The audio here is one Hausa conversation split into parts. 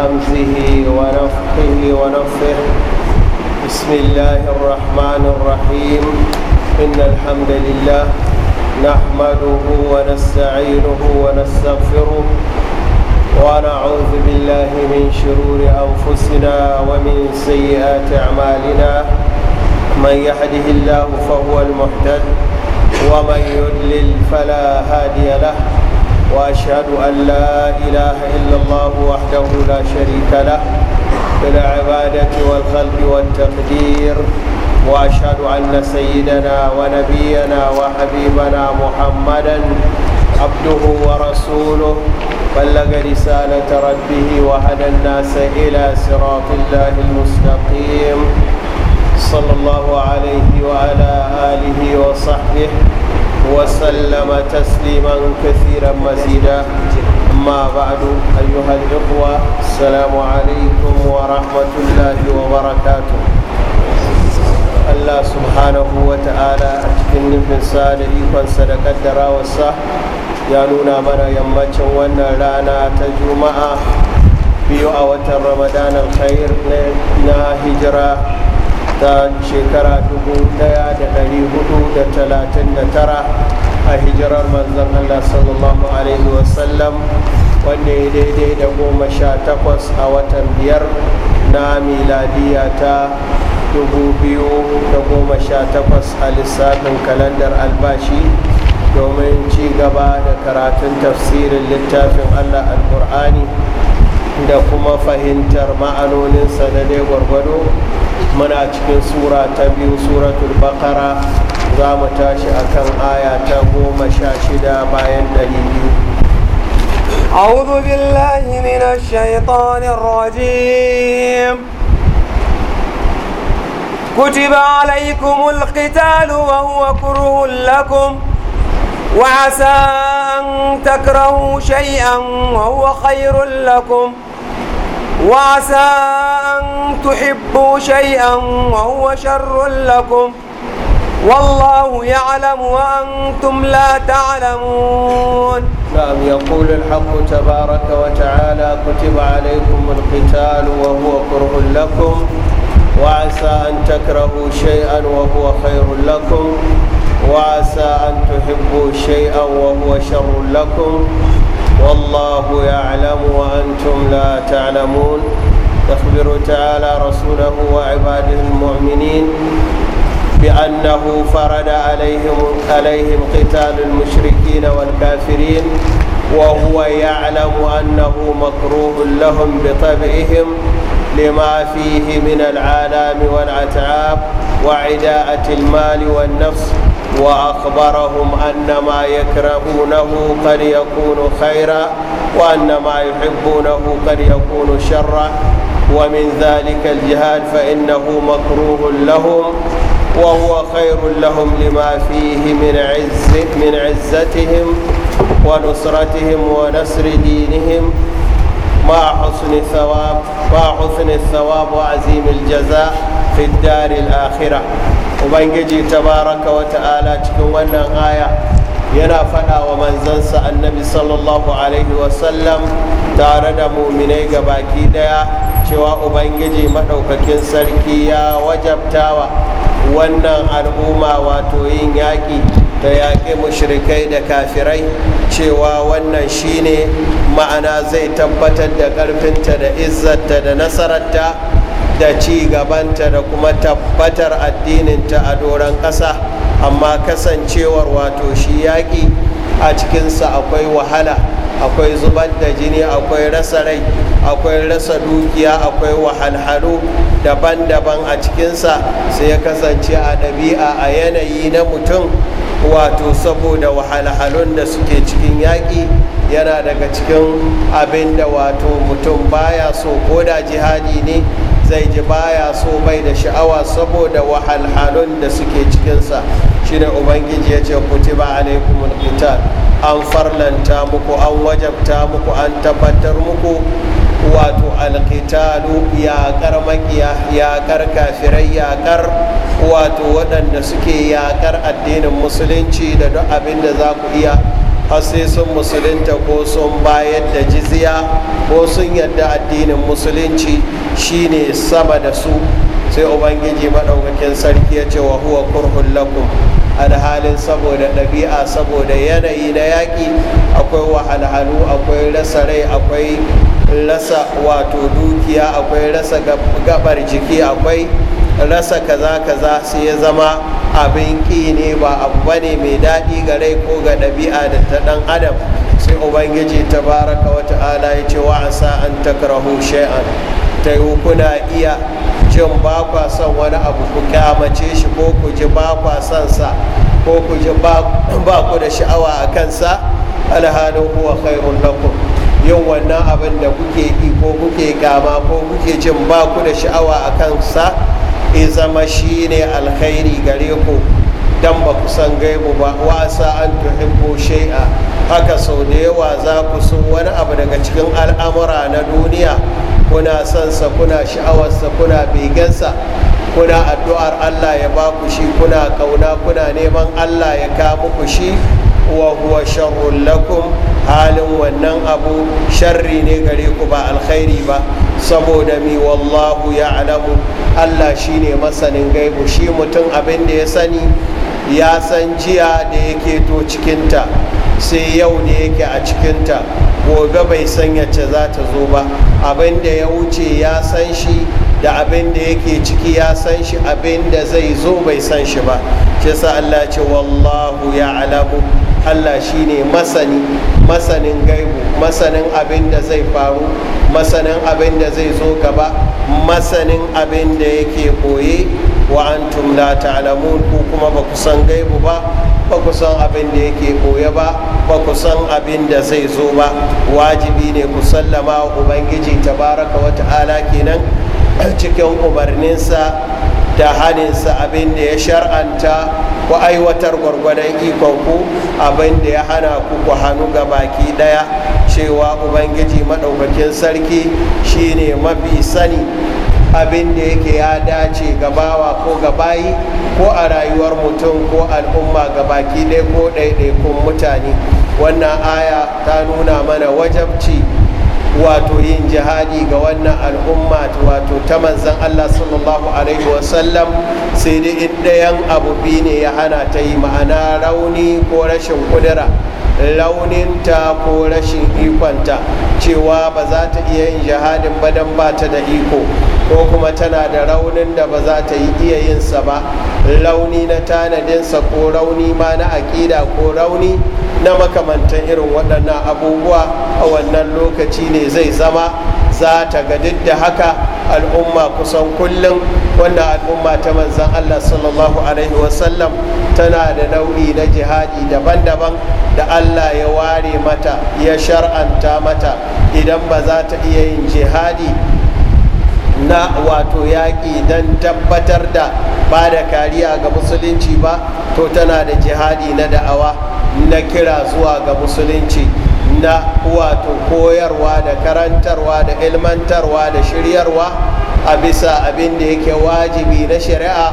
بحمده ونفخه ونفخه بسم الله الرحمن الرحيم إن الحمد لله نحمده ونستعينه ونستغفره ونعوذ بالله من شرور أنفسنا ومن سيئات أعمالنا من يهده الله فهو المحتد ومن يضلل فلا هادي له واشهد ان لا اله الا الله وحده لا شريك له في العباده والخلق والتقدير واشهد ان سيدنا ونبينا وحبيبنا محمدا عبده ورسوله بلغ رساله ربه وهدى الناس الى صراط الله المستقيم صلى الله عليه وعلى اله وصحبه وسلم تسليما كثيرا مزيدا أما بعد أيها الإخوة السلام عليكم ورحمة الله وبركاته Allah subhanahu wa ta'ala a cikin nufin da ikonsa da kaddarawarsa ya nuna mana yammacin wannan rana ta juma'a biyu a watan ramadanin khair na hijira ta shekara 1439 a hijirar manzan Allah sallallahu alaihi wasallam wanda ya daidai da goma sha takwas a watan biyar na miladiya ta takwas a lissafin kalandar albashi domin ci gaba da karatun tafsirin littafin Allah alkur'ani da kuma fahimtar ma'anoninsa na dai gwargwado muna cikin sura ta biyu suratul bakara za mu tashi akan aya ta goma sha shida bayan ɗari biyu أعوذ بالله من الشيطان الرجيم كتب عليكم القتال وهو كره لكم وعسى أن تكرهوا شيئا وهو خير لكم وعسى تحبوا شيئا وهو شر لكم والله يعلم وأنتم لا تعلمون نعم يقول الحق تبارك وتعالى كتب عليكم القتال وهو كره لكم وعسى أن تكرهوا شيئا وهو خير لكم وعسى أن تحبوا شيئا وهو شر لكم والله يعلم وأنتم لا تعلمون يخبر تعالى رسوله وعباده المؤمنين بأنه فرض عليهم عليهم قتال المشركين والكافرين وهو يعلم أنه مكروه لهم بطبعهم لما فيه من العالم والأتعاب وعداءة المال والنفس وأخبرهم أن ما يكرهونه قد يكون خيرا وأن ما يحبونه قد يكون شرا ومن ذلك الجهاد فإنه مكروه لهم وهو خير لهم لما فيه من عز من عزتهم ونصرتهم ونصر دينهم مع حسن الثواب مع حسن الثواب وعزيم الجزاء في الدار الآخرة وبنجي تبارك وتعالى تكون آية yana fada wa manzansa annabi sallallahu alaihi wasallam tare da muminai baki daya cewa ubangiji maɗaukakin sarki ya wajabtawa wannan al'umma wato yin yaƙi da yaƙi mushrikai da kafirai cewa wannan shine ma'ana zai tabbatar da ƙarfinta da izzarta da nasararta da ci gabanta da kuma tabbatar addininta a doron ƙasa amma kasancewar wato shi yaƙi a cikinsa akwai wahala akwai zubar da jini akwai rasa rai akwai rasa dukiya akwai wahalhalu daban-daban a cikinsa sai ya kasance a ɗabi'a a yanayi na mutum wato saboda wahalhalun da suke cikin yaƙi yana daga cikin abin da wato mutum baya so ko da jihadi ne zai ji baya so bai da sha'awa saboda wahalhalun da suke cikinsa shine ubangiji ya ce kutiba alaikumul qital an farlanta muku an wajabta muku an tabbatar muku wato alkitalu yaƙar makiya yaƙar kafirai yaƙar wato waɗanda suke yaƙar addinin musulunci da duk abin da za ku iya har sun musulunta ko sun bayar da jiziya ko sun yadda addinin musulunci shine sama da su sai ubangiji maɗaukakin sarki ya ce wa huwa kurhun lakum alhalin saboda ɗabi'a saboda yanayi na yaƙi akwai wahalhalu akwai rasa rai akwai rasa wato dukiya akwai rasa gabar jiki akwai rasa kaza kaza sai ya zama abin ƙi ne ba abu bane mai daɗi ga rai ko ga ɗabi'a da ta ɗan adam sai ubangiji ta baraka wata ala ya ce wa'asa an takrahu shay'an ta yi kuna iya jin ba kwa son wani abu ku kyamace shi ko ku ji ba kwa son sa ko ku ji ba ku da sha'awa a kansa alhalin kuwa khairun lakum yin wannan abin da kuke yi ko kuke gama ko kuke jin ba ku da sha'awa a kansa e zama shi ne alkhairi gare ku dan ba ku san gaibu ba wasa an tuhibbu shay'a haka sau da yawa za ku so wani abu daga cikin al'amura na duniya kuna sansa kuna sha'awarsa kuna begensa kuna addu'ar allah ya ba ku shi kuna kauna kuna neman allah ya ka muku shi wa huwa sharrun lakum halin wannan abu sharri ne gare ku ba alkhairi ba saboda mi wallahu ya alamu allah shine masanin gaibu shi mutum abin da ya sani ya san jiya da yake to cikinta sai yau ne yake a cikinta gobe bai san yace za ta zo ba abin da ya wuce ya san shi da abin da yake ciki ya san shi abin da zai zo bai san shi ba shi sa Allah ce wallahu ya alamu Allah shi ne masani masanin gaibu masanin abin da zai faru masanin abin da zai zo gaba masanin abin da yake koye wa antum la ta'lamun ku kuma ba ku san gaibu ba ba ku san abin da yake koya ba ba ku san abin da zai zo ba wajibi ne ku sallama ubangiji tabaraka wa ta'ala kenan cikin umarninsa da haninsa abin da ya shar'anta ku aiwatar gwargwadon ikonku abin da ya hana ku ku hannu ga baki daya cewa ubangiji maɗaukakin sarki shine mafi sani abin da yake ya dace gabawa ko gabayi ko a rayuwar mutum ko al'umma ga baki ɗaya ko ɗaiɗaikun mutane wannan aya ta nuna mana wajabci wato yin jihadi ga wannan al'umma wato ta manzan Allah sallallahu alaihi wasallam sai dai in ɗayan abu biyu ne ya hana ta yi ma'ana rauni ko rashin kudura launinta ko rashin ikonta cewa ba za ta iya yin jihadin badan ba ta da iko ko kuma tana da raunin da ba za ta yi iya yinsa ba launi na tanadinsa ko rauni ma na aƙida ko rauni na makamantan irin waɗannan abubuwa a wannan lokaci ne zai zama za ta ga duk da haka al'umma kusan kullum wannan al'umma ta manzan allah sallallahu alaihi wasallam tana da nau'i na jihadi daban-daban da allah ya ware mata ya shar'anta mata idan ba za ta iya yin jihadi na wato yaƙi don tabbatar da ba da kariya ga musulunci ba to tana da jihadi na da'awa na kira zuwa ga musulunci na wato koyarwa da karantarwa da ilmantarwa da shiryarwa a bisa abin da yake wajibi na shari'a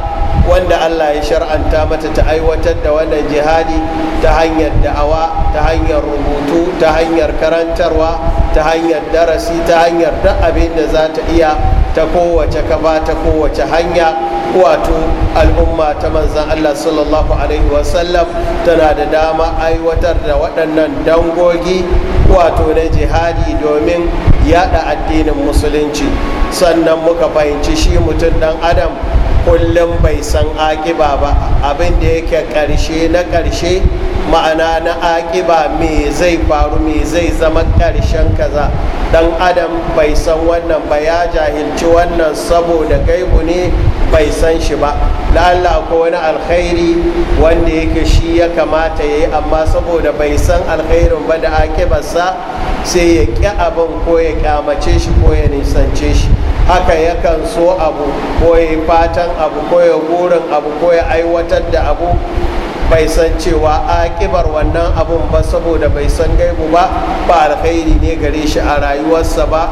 wanda allah ya shar'anta mata ta aiwatar da wannan jihadi ta hanyar da'awa ta hanyar rubutu ta hanyar karantarwa ta hanyar darasi ta hanyar duk abin da za ta iya ta kowace kaba ta kowace hanya wato al'umma ta manzan Allah sallallahu alaihi wasallam tana da dama aiwatar da waɗannan dangogi wato na jihadi domin yada addinin musulunci sannan muka fahimci shi mutum ɗan adam kullum bai san akiba ba abin da yake ƙarshe na ƙarshe ma'ana na akiba me zai faru me zai zama ƙarshen kaza dan adam bai san wannan ba ya jahilci wannan saboda gaibu ne bai san shi ba la'alla ko wani alkhairi wanda yake shi ya kamata ya yi amma saboda bai san alkhairin ba da ake sa sai ya ƙi abin ko ya kyamace shi ko ya nisance shi haka yakan so abu ko ya fatan abu ko ya burin abu ko ya aiwatar da abu bai san cewa a akibar wannan abun ba saboda bai san gaibu ba ba alkhairi ne gare shi a rayuwarsa ba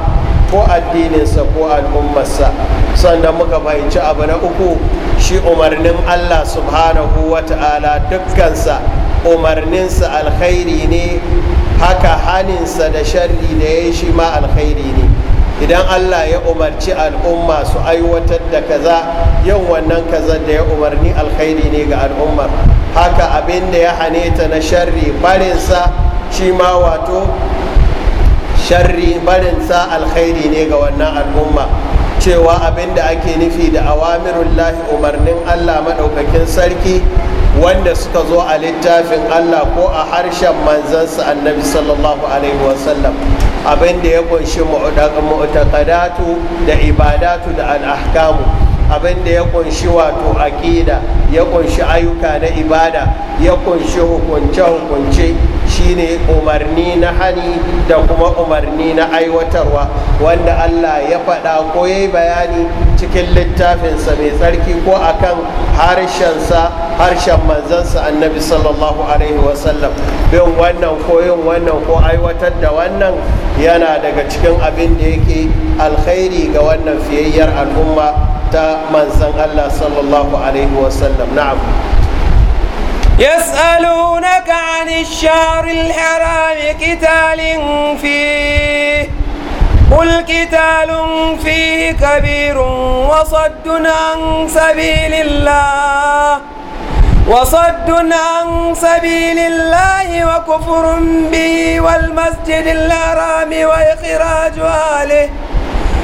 ko addininsa ko al'ummarsa sannan muka fahimci abu na uku shi umarnin allah subhanahu wa ta'ala dukkansa umarninsa alkhairi ne haka haninsa da sharri da ya shi ma alkhairi ne idan allah ya umarci al'umma su aiwatar da kaza yau wannan kaza da ya umarni alkhairi ne ga al'ummar haka abin da ya hane ta na sharri barinsa shi ma wato sharri barinsa alkhairi ne ga wannan al'umma cewa abin da ake nufi da awamirullahi umarnin allah maɗaukakin sarki wanda suka zo a littafin allah ko a harshen manzansa annabi sallallahu alaihi wasallam abin da ya kunshi mu'takadatu da ibadatu da al'ahkamu abin da ya kunshi wato aƙida ya kunshi ayyuka na ibada ya kunshi hukunce-hukunce shine umarni na hani da kuma umarni na aiwatarwa wanda allah ya faɗa ko ya yi bayani cikin littafinsa mai tsarki ko akan harshensa harshen manzansa annabi sallallahu alaihi wasallam bin wannan ko yin wannan ko aiwatar da wannan yana daga cikin abin da yake alkhairi ga wannan fiyayyar al'umma ta manzan Allah sallallahu alaihi wasallam na'am yas'alunaka عن الشهر الحرام قتال فيه قل قتال فيه كبير وصد عن سبيل الله وصد عن سبيل الله وكفر به والمسجد الحرام وإخراج أهله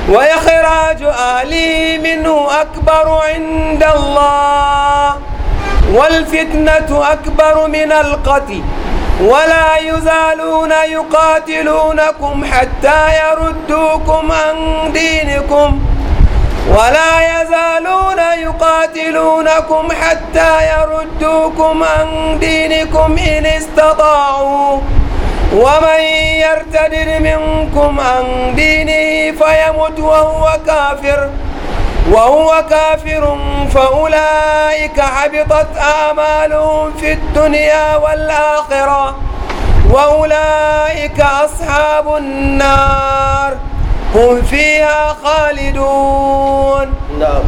وإخراج أهله منه أكبر عند الله والفتنة أكبر من القتل ولا يزالون يقاتلونكم حتى يردوكم عن دينكم ولا يزالون يقاتلونكم حتى يردوكم عن دينكم إن استطاعوا ومن يرتد منكم عن دينه فيمت وهو كافر وهو كافر فأولئك حبطت أعمالهم في الدنيا والآخرة وأولئك أصحاب النار هم فيها خالدون نعم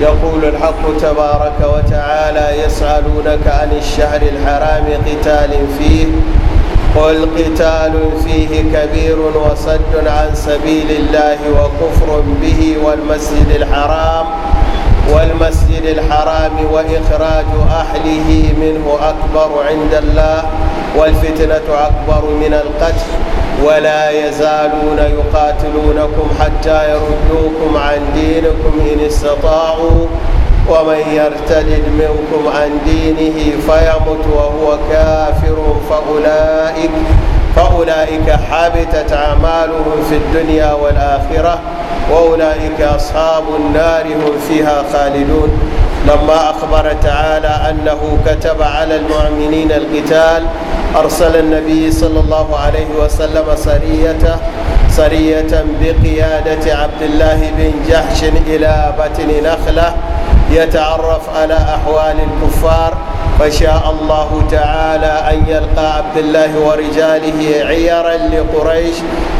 يقول الحق تبارك وتعالى يسألونك عن الشهر الحرام قتال فيه والقتال فيه كبير وصد عن سبيل الله وكفر به والمسجد الحرام والمسجد الحرام وإخراج أهله منه أكبر عند الله والفتنة أكبر من القتل ولا يزالون يقاتلونكم حتى يردوكم عن دينكم إن استطاعوا ومن يرتد منكم عن دينه فيمت وهو كافر فأولئك فأولئك حبتت أعمالهم في الدنيا والآخرة وأولئك أصحاب النار هم فيها خالدون لما أخبر تعالى أنه كتب على المؤمنين القتال أرسل النبي صلى الله عليه وسلم سريته سرية بقيادة عبد الله بن جحش إلى بطن نخلة يتعرف على أحوال الكفار فشاء الله تعالى أن يلقى عبد الله ورجاله عيرا لقريش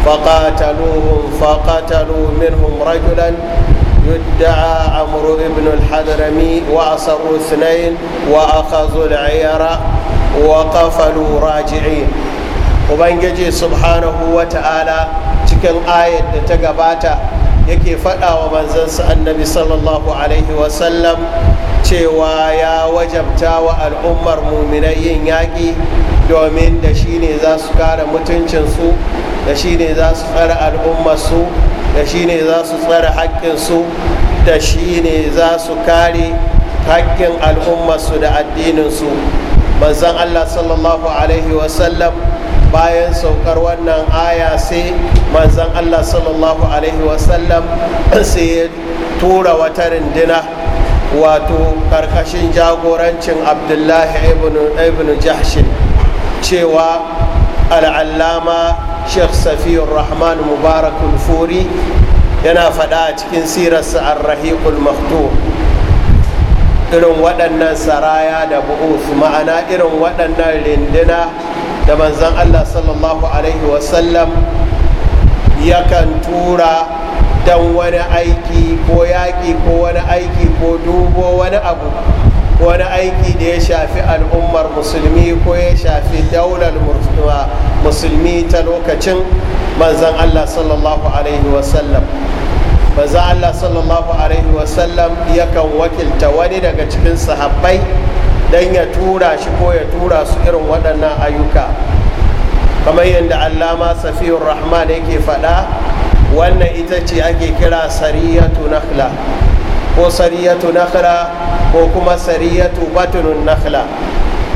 فقاتلوهم فقتلوا منهم رجلا يدعى عمرو بن الحضرمي وأصروا اثنين وأخذوا العير وقفلوا راجعين وبنجي سبحانه وتعالى cikin ayat da ta gabata yake faɗawa wa manzansa annabi sallallahu alaihi wasallam cewa ya wajabta wa al'ummar muminai yin yaƙi domin da shi ne za su kare mutuncinsu da shi ne za su tsare al'ummarsu da shi ne za su tsare haƙƙinsu da shi ne za su kare haƙƙin al'ummarsu da addininsu manzan allah sallallahu alaihi wasallam bayan saukar wannan aya sai manzan allah sallallahu alaihi wasallam sai ya tura wata rindina wato karkashin jagorancin abdullahi ibn jahshin cewa al'allama sheikh safiyar rahman mubarak furi yana faɗa a cikin sirarsa arrahiqul maktum irin waɗannan saraya da bu'uf ma'ana irin waɗannan rindina da manzan allah sallallahu alaihi wasallam yakan tura dan wani aiki ko yaƙi ko wani aiki ko dubo wani abu wani aiki da ya shafi al'ummar musulmi ko ya shafi daular musulmi ta lokacin manzan allah sallallahu alaihi wasallam manzan allah sallallahu alaihi wasallam yakan wakilta wani daga cikin sahabbai don ya tura shi ko ya tura su irin waɗannan ayyuka kamar yadda allama safiyar rahman yake faɗa wannan ita ce ake kira sariyatu nakhla ko sariyatu nakhla ko kuma sariyatu batunun nakhla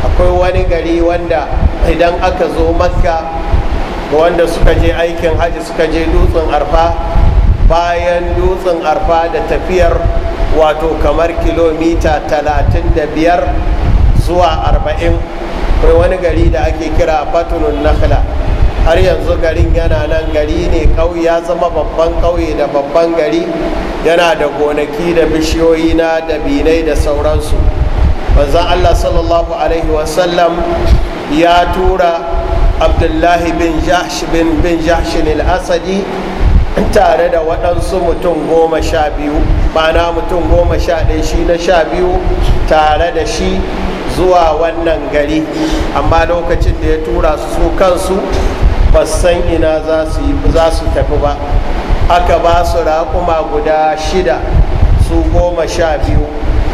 akwai wani gari wanda idan aka zo makka wanda suka je aikin hajji suka je dutsen arfa bayan dutsen arfa da tafiyar wato kamar kilomita 35 zuwa 40 kai wani gari da ake kira batunun nakhla har yanzu garin yana nan gari ne kauye ya zama babban kauye da babban gari yana da gonaki da bishiyoyi na dabinai da sauransu manzan allah sallallahu alaihi wasallam ya tura abdullahi bin jahsh bin al-asadi tare da waɗansu mutum goma sha biyu bana mutum goma sha ɗaya shi na sha biyu tare da shi zuwa wannan gari amma lokacin da ya tura su kansu ba san ina za su tafi ba aka ba su raƙuma guda shida su goma sha biyu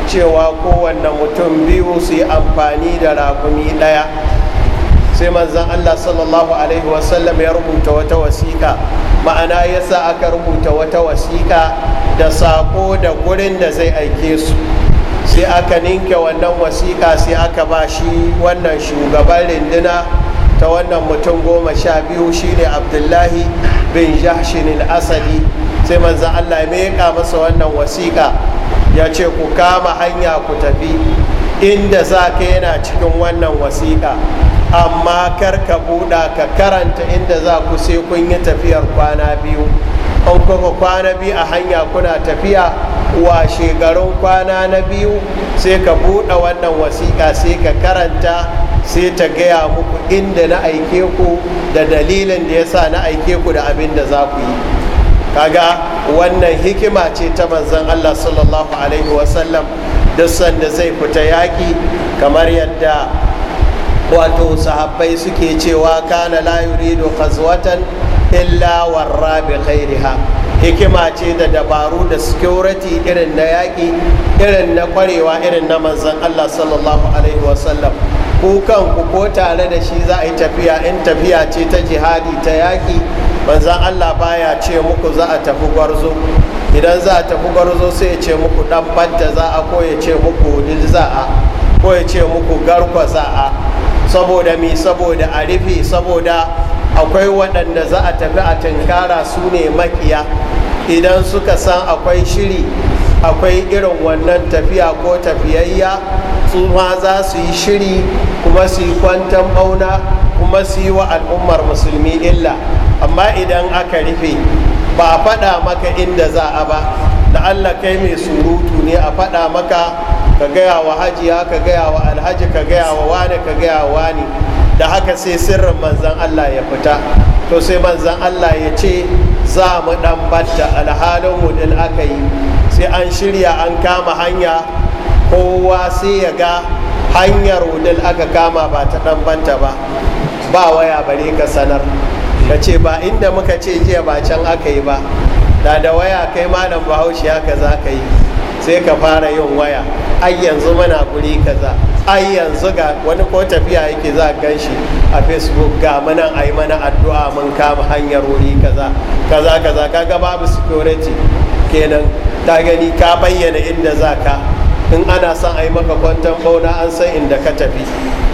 cewa kowanne mutum biyu su yi amfani da raƙumi ɗaya sai manzan allah sallallahu alaihi wasallam ya rubuta wata wasiƙa ma'ana yasa aka rubuta wata wasiƙa da saƙo da gurin da zai aike su sai aka ninke wannan wasiƙa sai aka ba shi wannan shugaban rinduna ta wannan mutum goma sha biyu shine abdullahi bin jahshin asali sai manzan allah ya meka masa wannan wasiƙa ya ce ku kama hanya ku tafi inda za ka yana cikin wannan wasiƙa amma kar ka buɗa ka karanta inda za ku sai kun yi tafiyar kwana biyu an kuka kwana biyu a hanya kuna tafiya wa shekarun kwana na biyu sai ka buɗa wannan wasiƙa sai ka karanta sai ta gaya muku inda na aike ku da dalilin da ya sa na aike ku da abin da za ku yi kaga wannan hikima ce ta manzon allah sallallahu alaihi wasallam duk sanda zai fita yaƙi kamar yadda wato sahabbai suke cewa kana la yuridu qazwatan illa warra khairiha hikima ce da dabaru da security irin na yaƙi irin na kwarewa irin na manzan Allah sallallahu alaihi wasallam ku ko tare da shi za a yi tafiya in tafiya ce ta jihadi ta yaƙi manzan Allah baya ce muku za a tafi gwarzo idan za a tafi gwarzo sai ya ce muku dan za a ko ya ce muku dilza a muku garkwa za a saboda mi saboda a rufe saboda akwai waɗanda za a tafi a tankara su ne makiya idan suka san akwai shiri akwai irin wannan tafiya ko tafiyayya su ma za su yi shiri kuma su yi kwantan bauna kuma su yi wa al'ummar musulmi illa amma idan aka rufe ba a faɗa maka inda za a ba da allah kai mai surutu ne a faɗa maka ka gaya wa hajiya ka gaya wa alhaji ka gaya wa wani ka gaya wa wani da haka sai sirrin manzan Allah ya fita to sai manzan Allah ya ce za mu dan batta alhalin wudil aka yi sai an shirya an kama hanya kowa sai ya ga hanyar wudil aka kama ba ta dan banta ba ba waya bare ka sanar ka ce ba inda muka ce jiya ba can aka yi ba da da waya kai malam bahaushe haka za ka yi sai ka fara yin waya ai yanzu muna guri kaza ai yanzu ga wani ko tafiya yake za gan shi a facebook ga mana ai mana addu'a mun kama hanyar wuri kaza kaza kaza kaga babu security kenan ta gani ka bayyana inda za ka in ana son a yi maka kwantan bauna an san inda ka tafi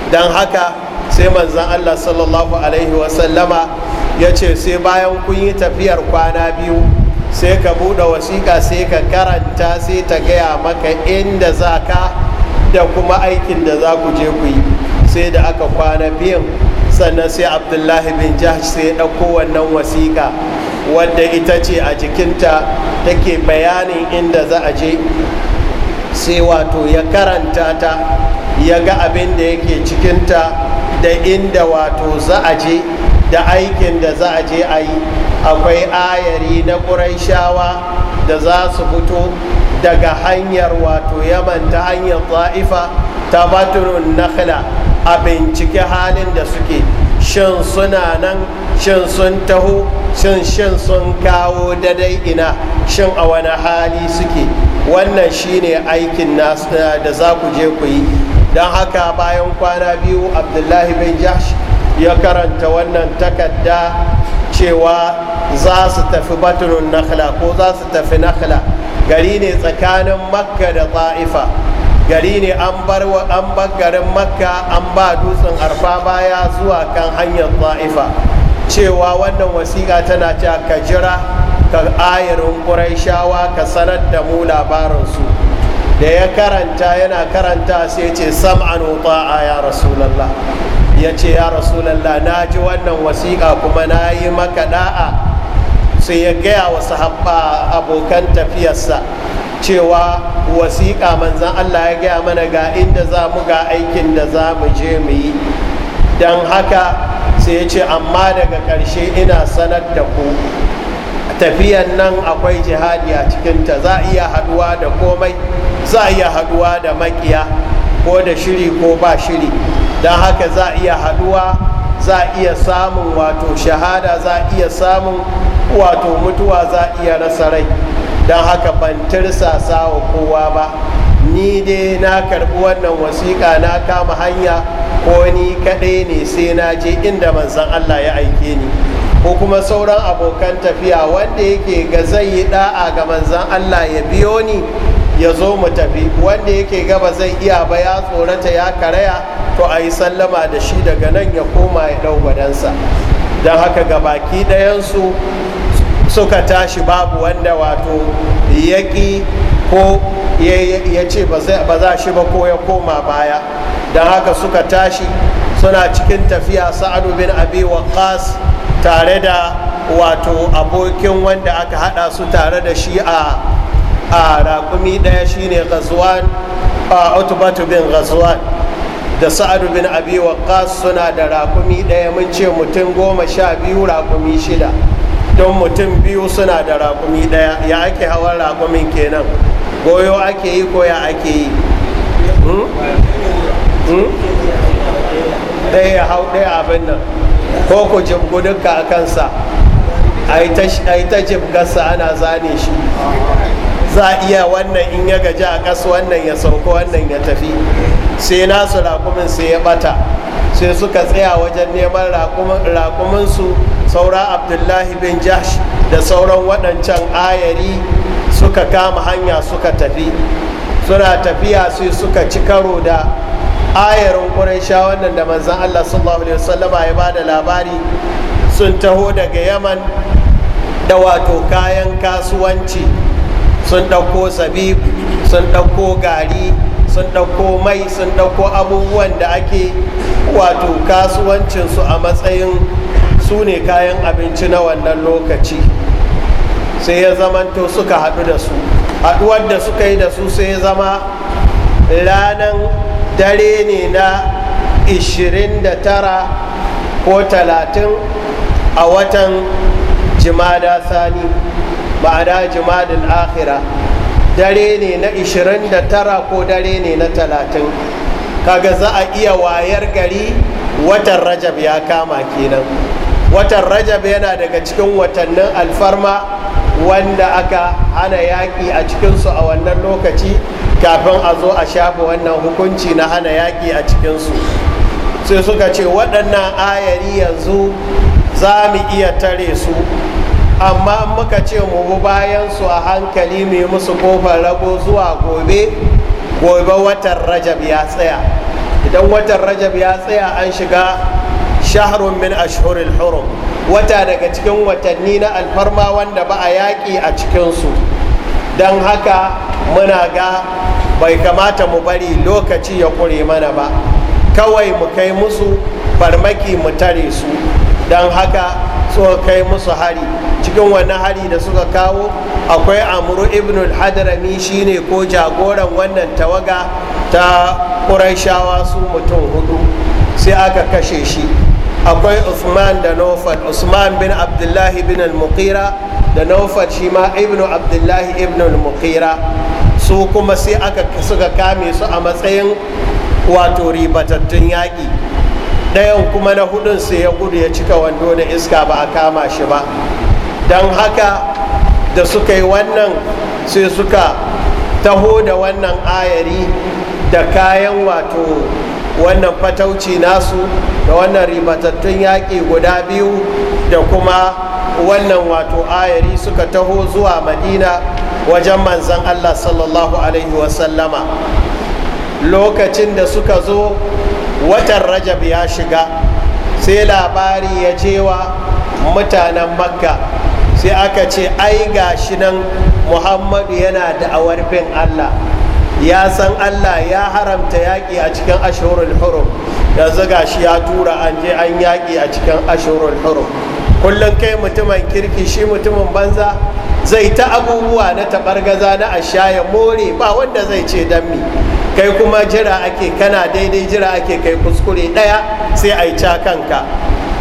don haka sai manzan allah sallallahu alaihi wasallama ya ce sai bayan kun yi tafiyar kwana biyu sai ka buɗe wasiƙa sai ka karanta sai ta gaya maka inda za ka da kuma aikin da za ku je ku yi sai da aka kwana biyan sannan sai abdullahi bin jihar sai ya ɗauko wannan wasiƙa wadda ita ce a jikinta take bayanin inda za a je sai wato ya karanta ta ya ga abin da yake cikinta da inda wato za a je da aikin da za a je a yi akwai ayari na ƙuraishawa da za su fito daga hanyar wato yaman ta hanyar za'ifa ta batunan nakhla a bincike halin da suke shin suna nan shin sun taho shin shin sun kawo dadai ina shin a wani hali suke wannan shine aikin eh, da za ku je ku yi don haka bayan kwana biyu abdullahi bin jashi ya karanta wannan takarda cewa za su tafi batunun nakhla ko za su tafi nakhla gari ne tsakanin makka da ta'ifa gari ne an bar garin makka an ba dutsen arfa baya zuwa kan hanyar ta'ifa cewa wannan wasiƙa tana cewa ka jira ka ayarin ƙuraishawa ka sanar da mu labarinsu da ya karanta yana karanta sai ce sam'an a ya rasulallah ya ce ya rasulallah na ji wannan wasiƙa kuma na yi maka da'a sai ya gaya wa sahabba abokan tafiyarsa cewa wasiƙa manzan allah ya gaya mana ga inda za mu ga aikin da za mu je mu yi don haka sai ya ce amma daga ƙarshe ina sanar da ku tafiyan nan akwai jihadi a cikinta za a iya haduwa da komai za a iya haduwa da makiya ko da shiri ko ba shiri don haka za a iya haduwa za a iya samun wato shahada za a iya samun wato mutuwa za a iya rasa rai don haka ban tirsasa wa kowa ba ni dai na karbi wannan wasiƙa na kama hanya ko ni kaɗai ne sai na je inda manzan Allah ya aike ni ko kuma sauran abokan tafiya wanda yake ga zai yi da'a ga manzan Allah ya biyo ni ya zo mu tafi wanda yake gaba zai iya ba ya tsorata ya karaya to a yi sallama da shi daga nan ya koma ya dau gwadansa don haka ga baki ɗayansu suka tashi babu wanda wato yaƙi ko ya ce ba za shi ba ko ya koma baya don haka suka tashi suna cikin tafiya sa'adu bin abi waqas tare da wato abokin wanda aka hada su tare da shi a a raƙumi ɗaya shine ghazwan a utbatu bin ghazwan da sa'adu bin abi wa suna da raƙumi ɗaya mun ce mutum goma sha biyu raƙumi shida don mutum biyu suna da raƙumi ɗaya ya ake hawan raƙumin kenan goyo ake yi ko ya ake yi hmm? Hmm? ɗaya hau ɗaya abin nan ko ku jibgu dukka a kansa a yi ta jibgarsa ana zane shi za a iya wannan in ya gaji a ƙasa wannan ya sauka wannan ya tafi sai nasu raƙumin sai ya bata sai suka tsaya wajen neman raƙuminsu saura abdullahi bin jash da sauran waɗancan ayari suka kama hanya suka tafi suna tafiya sai suka ci karo da ayarin sha wannan da manzan allah sallallahu alaihi wasallama ya ba da labari sun taho daga yaman da wato kayan kasuwanci sun ɗauko sabib sun ɗauko gari sun ɗauko mai sun ɗauko abubuwan da ake wato kasuwancinsu a matsayin su ne kayan abinci na wannan lokaci sai ya zamanto suka haɗu da su haɗuwar da suka yi da su sai ya zama ranar dare ne na 29 ko 30 a watan jimada sani ma'ana jimadin akhira dare ne na 29 ko dare ne na 30 kaga za a iya wayar gari watan rajab ya kama kenan watan rajab yana daga cikin watannin alfarma wanda aka hana yaƙi a cikinsu a wannan lokaci kafin a zo a shafa wannan hukunci na hana yaƙi a cikinsu sai suka ce waɗannan ayari yanzu za mu iya tare su amma muka ce mu bi bayan su a hankali mai musu kofar rago zuwa gobe gobe watan rajab ya tsaya idan watan rajab ya tsaya an shiga shahrun min ashhuril hurum wata daga cikin watanni na alfarma wanda ba a yaƙi a cikinsu don haka muna ga bai kamata mu bari lokaci ya kure mana ba kawai mu kai musu farmaki mu tare su don haka so kai musu hari cikin wannan hari da suka kawo akwai amuru ibn al-hadrami shine ko jagoran wannan tawaga ta ƙuraishawa su mutum hudu sai aka kashe shi akwai usman da nofal usman bin abdullahi bin al-muqira da nofal shi ma ibn abdullahi ibn al su kuma sai aka suka kame su a matsayin wato ribatattun yaƙi ɗayan kuma na hudun sai ya gudu ya cika wando da iska ba a kama shi ba don haka da suka yi wannan sai suka taho da wannan ayari da kayan wato wannan fatauci nasu da wannan ribatattun yaƙi guda biyu da kuma wannan wato ayari suka taho zuwa madina wajen manzan allah sallallahu alaihi wasallama lokacin da suka zo watan rajab ya shiga sai labari ya cewa mutanen makka sai aka ce ai gashi nan muhammadu yana da bin allah ya san allah ya haramta yaƙi a cikin ashirin hurum yanzu shi ya tura an je an yaƙi a cikin ashirin hurum kullum kai mutumin kirki shi mutumin banza zai ta abubuwa na taɓargaza na ashaya more ba wanda zai ce dan mi kai kuma jira ake kana daidai jira ake kai kuskure ɗaya sai a yi ca kanka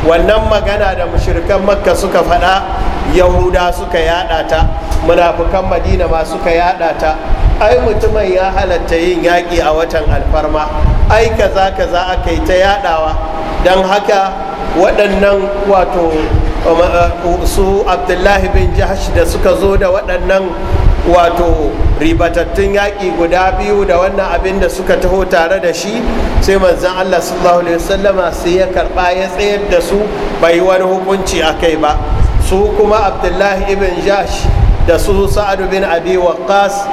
wannan magana da mashirkan makka suka faɗa yahuda suka yada ta munafukan madina ma suka yada ta ai mutumin ya halatta yin yaƙi a watan alfarma ai kaza kaza aka yi ta yadawa don haka waɗannan wato um, uh, su abdullahi bin jahash da suka zo da waɗannan wato ribatattun yaƙi guda biyu da wannan abin da suka taho tare da shi sai manzan allah sallallahu alaihi wasallama sai ya karɓa ya tsayar da su bai wani hukunci a kai ba su kuma abdullahi ibn jash da su sa'adu bin abi waqas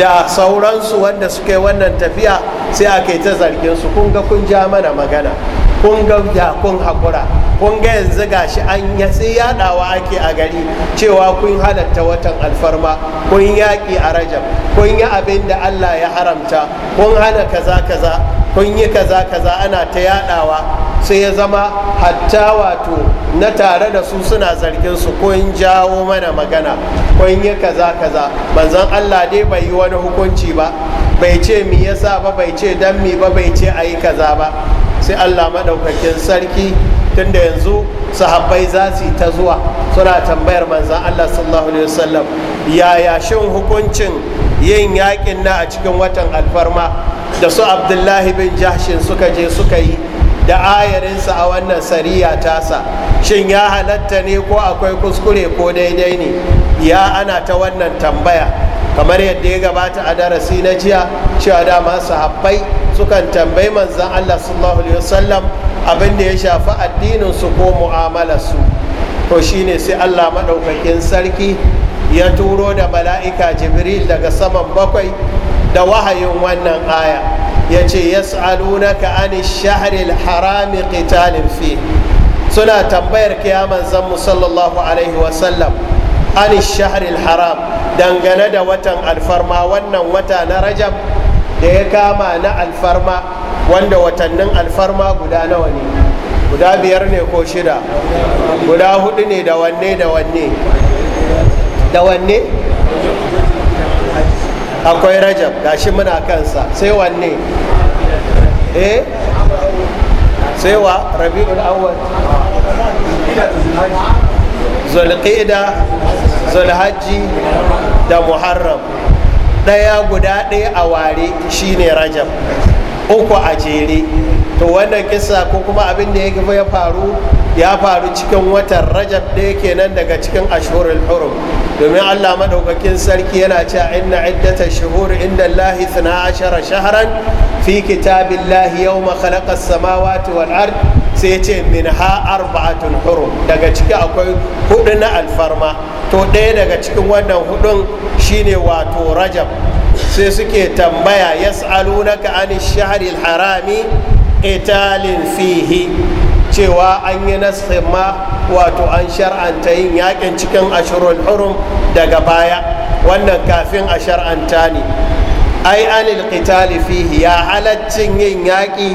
da sauransu wanda suke wannan tafiya sai a yi ta zargin su kun ga kun ja mana magana kun ga da kun hakura kun ga yanzu gashi an ya sai yadawa ake a gari cewa kun halatta watan alfarma kun yaƙi a rajab kun yi abin da Allah ya haramta kun hana kaza kaza kun yi kaza kaza ana ta yadawa sai ya zama hatta wato na tare da su suna zargin su ko in jawo mana magana ko in yi kaza kaza manzon Allah dai bai yi wani hukunci ba bai ce mi yasa ba bai ce dan mi ba bai ce ayi kaza ba sai Allah madaukakin sarki tunda yanzu sahabbai za su ta zuwa suna tambayar manzon Allah sallallahu alaihi wasallam yaya shin hukuncin yin yakin na a cikin watan alfarma da su Abdullahi bin Jahshin suka je suka yi da ayarinsa a wannan sariya tasa shin ya halatta ne ko akwai kuskure ko daidai ne ya ana ta wannan tambaya kamar yadda ya gabata a darasi na jiya cewa dama haɓai sukan tambayi manzan allah sallallahu alaihi wasallam abin ya shafi addininsu ko mu'amalarsu to shine sai allah maɗaukakin sarki ya turo da mala'ika jibril daga saman bakwai da wahayin wannan aya ya ce yas'alunaka an shahril harami qitalin fi suna tambayar kiyaman zanmu sallallahu alaihi wa sallam an shahril haram dangane da watan alfarma wannan wata na rajab da ya kama na alfarma wanda watannin alfarma guda nawa ne guda biyar ne ko shida guda hudu ne da wanne da wanne da wanne akwai rajab shi muna kansa sai wanne eh sai wa rabi'ul awwal zulqida zulhajji da muharram ɗaya guda ɗaya a ware shine rajab uku a jere to wannan kisa ko kuma abin da ya faru ya faru cikin watan rajab ɗaya kenan daga cikin ashurul hurum domin allah maɗaukakin sarki yana cewa inna iddata shuhur inda lahi suna ashara shaharan fi kitabin lahi yau makalakar samawati wal ard sai ce min ha arba'atun hurum daga ciki akwai hudu na alfarma to ɗaya daga cikin wannan hudun shine wato rajab sai suke tambaya yas'alunaka anish shahril harami qitalin fihi cewa an yi nasfin ma wato an shar'anta yin yakin cikin ashirul hurum daga baya wannan kafin a shar'anta ne ai anil qitali fihi ya halaccin yin yaƙi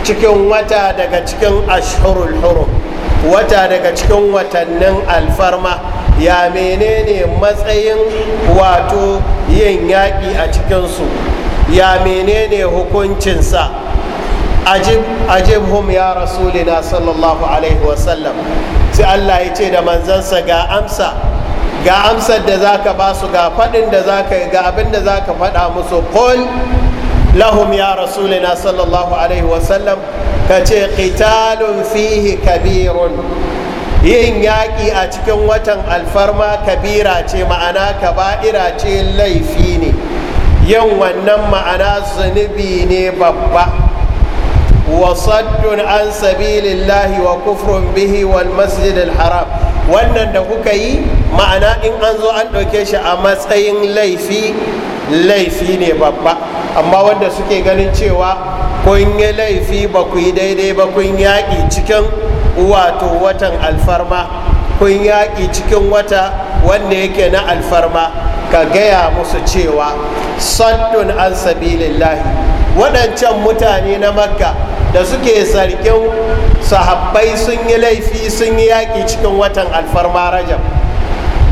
cikin wata daga cikin ashirul hurum wata daga cikin watannin alfarma ya menene matsayin wato yin yaƙi a cikinsu ya menene hukuncinsa ajib ajibhum ya rasulina sallallahu alaihi wasallam sai Allah ya ce da manzansa ga amsa ga amsar da zaka ba su ga faɗin da zaka ga abin da zaka faɗa musu qul lahum ya rasulina sallallahu alaihi wasallam ka ce qitalun fihi kabirun yin yaƙi a cikin watan alfarma kabira ce ma'ana kaba'ira ce laifi ne yin wannan ma'ana zunubi ne babba وصد عن سبيل الله وكفر به والمسجد الحرام wannan da kuka yi ma'ana in an zo an ɗauke shi a matsayin laifi laifi ne babba amma wanda suke ganin cewa kun yi laifi ba ku yi daidai ba kun yaƙi cikin wato watan alfarma kun yaƙi cikin wata wanda yake na alfarma ka gaya musu cewa saddun an sabilillahi waɗancan mutane na makka da suke sarkin sahabbai sun yi laifi sun yi yaƙi cikin watan alfarma rajab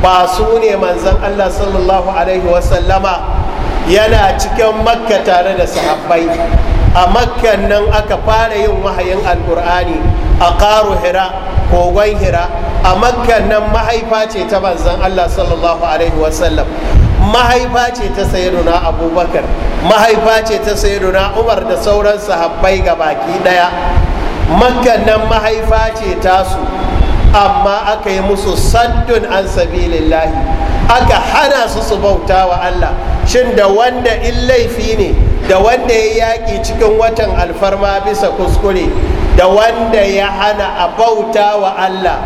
ba su ne manzan allah sallallahu alaihi wasallama yana cikin makka tare da sahabbai a makkan nan aka fara yin wahayin alƙur'ani a ƙaru hira kogon hira a makkan nan mahaifa ce ta manzan allah sallallahu alaihi wasallam mahaifa ce ta sayyiduna abubakar mahaifa ce ta sayyiduna umar da sauran sahabbai ga baki daya Makka nan mahaifa ce tasu amma aka yi musu saddun an sabilillahi aka hana su su bauta wa Allah shin da wanda in laifi ne da wanda ya yaƙi cikin watan alfarma bisa kuskure da wanda ya hana a bauta wa Allah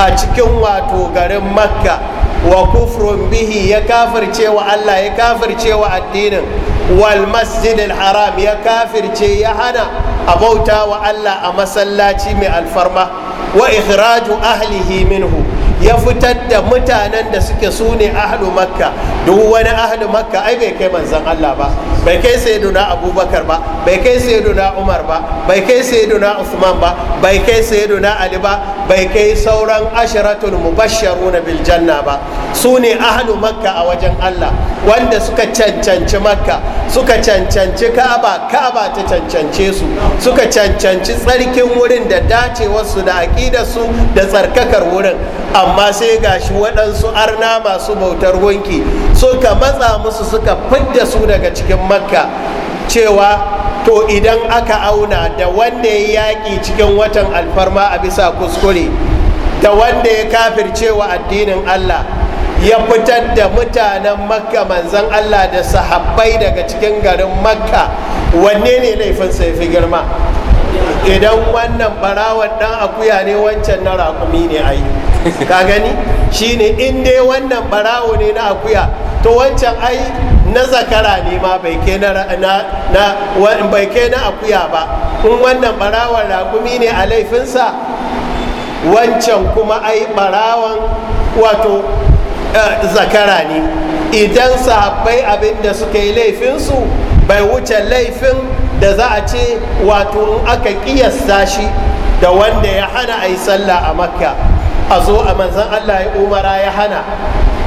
a cikin wato garin makka wa kufrun bihi ya kafirce wa Allah ya kafirce wa addinin wal masjidil haram ya kafirce ya hana a bauta wa Allah a masallaci mai alfarma wa ikhraju ahlihi minhu ya fitar da mutanen da suke su ne ahlu makka duk wani ahlu makka ai bai kai manzon Allah ba bai kai sayyiduna abubakar ba bai kai sayyiduna umar ba bai kai sayyiduna usman ba bai kai sayyiduna ali ba bai kai sauran asharatul mubashsharuna bil janna ba su ne ahlu makka a wajen Allah wanda suka cancanci makka suka cancanci ka'aba ka'aba ta cancance su suka cancanci tsarkin wurin da dacewarsu da aƙidarsu da tsarkakar wurin amma sai ga shi waɗansu arna masu bautar wanki suka matsa musu suka fidda su daga cikin makka cewa to idan aka auna da wanda ya yaƙi cikin watan alfarma a bisa kuskure da wanda ya kafircewa addinin allah ya fitar da mutanen makka manzan allah da sahabbai daga cikin garin makka wanne ne laifin sai fi girma idan wannan barawan dan akuya ne wancan na rakumi ne ayi. ka gani shine in dai wannan barawo ne na akuya to wancan ai na zakara ne ma bai ke na akuya ba in wannan barawon rakumi ne a laifinsa wancan kuma ai barawan wato eh, zakara ne idan sahabbai abinda suka yi laifinsu bai wuce laifin da za a ce wato aka ƙiyasta shi da wanda ya hana a yi sallah a makka a zo a manzan Allah ya umara ya hana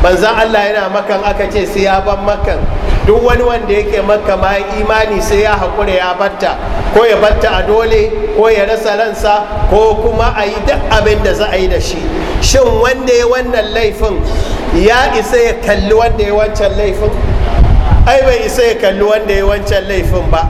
manzan Allah yana makan aka ce sai ya ban makan duk wani wanda yake makka ma imani sai ya haƙura ya batta ko ya batta a dole ko ya rasa ransa ko kuma a yi duk abin da za a yi da shi shin wanda ya wannan laifin ya isa ya kalli wanda ya wancan laifin ai bai isa ya kalli wanda ya wancan laifin ba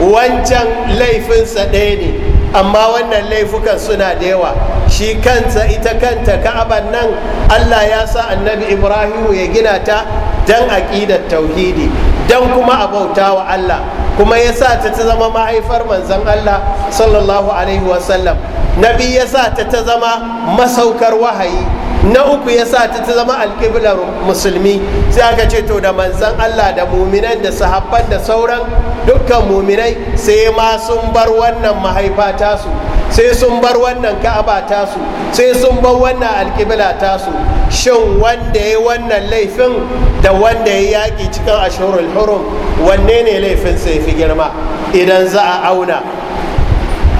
wancan laifinsa ɗaya ne amma wannan laifukan suna da yawa shi kanta ita kanta ka'abar nan allah ya sa annabi ibrahimu ya gina ta don aƙidar tauhidi don kuma a bauta wa allah kuma ya sa ta ta zama mahaifar manzan allah sallallahu alaihi wasallam nabi ya sa ta ta zama masaukar wahayi na uku ya sa ta ta zama alƙiblar musulmi sai aka ce to da manzan Allah da muminan da sahabban da sauran dukkan muminai sai ma sun bar wannan mahaifa tasu sai sun bar wannan ka'aba tasu sai sun bar wannan alƙibla tasu shin wanda ya wannan laifin da wanda ya yaƙi cikin ashirin hurum wanne ne laifin sai fi girma idan za a auna